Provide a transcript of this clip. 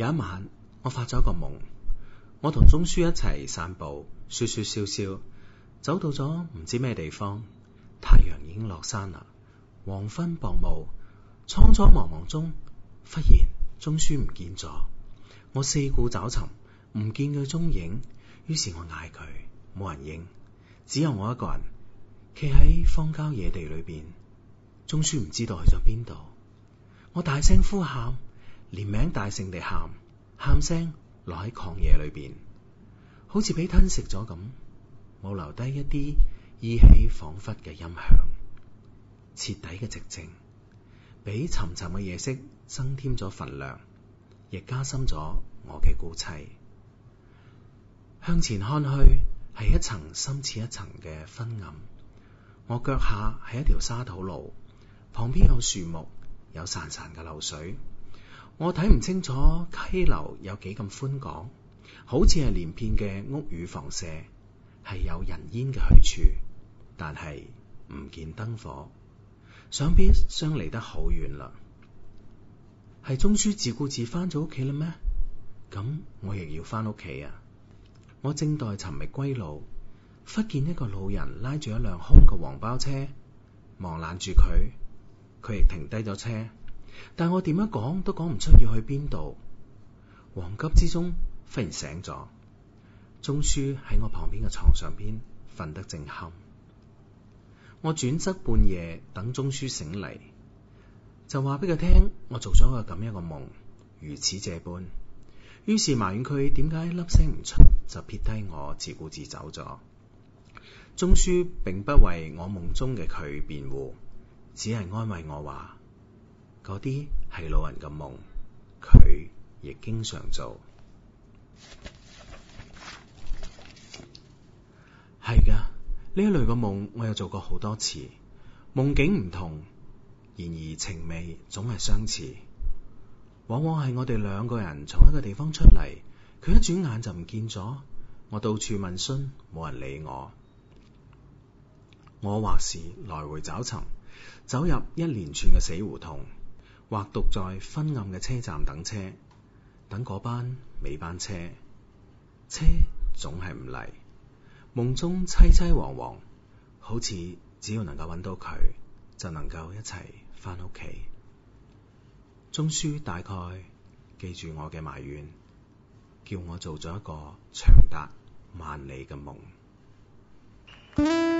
有一晚，我發咗個夢，我同鍾書一齊散步，說說笑笑，走到咗唔知咩地方，太陽已經落山啦，黃昏薄霧，蒼蒼茫茫中，忽然鍾書唔見咗，我四顧找尋，唔見佢蹤影，於是我嗌佢，冇人應，只有我一個人，企喺荒郊野地裏邊，鍾書唔知道去咗邊度，我大聲呼喊。連名帶姓地喊，喊聲落喺曠野裏邊，好似俾吞食咗咁，冇留低一啲依稀恍惚嘅音響，徹底嘅寂靜，俾沉沉嘅夜色增添咗份量，亦加深咗我嘅孤凄。向前看去，係一層深似一層嘅昏暗。我腳下係一條沙土路，旁邊有樹木，有潺潺嘅流水。我睇唔清楚溪流有幾咁寬廣，好似係連片嘅屋宇房舍，係有人煙嘅去處，但係唔見燈火，想必相離得好遠啦。係鍾書自顧自翻咗屋企啦咩？咁我亦要翻屋企啊！我正待尋覓歸路，忽見一個老人拉住一輛空嘅黃包車，忙攔住佢，佢亦停低咗車。但我點樣講都講唔出要去邊度，惶急之中忽然醒咗，鍾書喺我旁邊嘅床上邊瞓得正酣。我轉側半夜等鍾書醒嚟，就話俾佢聽我做咗個咁樣嘅夢，如此這般，於是埋怨佢點解粒聲唔出就撇低我自顧自走咗。鍾書並不為我夢中嘅佢辯護，只係安慰我話。嗰啲係老人嘅夢，佢亦經常做。係噶，呢一類嘅夢，我又做過好多次，夢境唔同，然而情味總係相似。往往係我哋兩個人從一個地方出嚟，佢一轉眼就唔見咗，我到處問詢，冇人理我，我或是來回找尋，走入一連串嘅死胡同。或獨在昏暗嘅車站等車，等嗰班尾班車，車總係唔嚟。夢中淒淒惶惶，好似只要能夠揾到佢，就能夠一齊返屋企。鍾書大概記住我嘅埋怨，叫我做咗一個長達萬里嘅夢。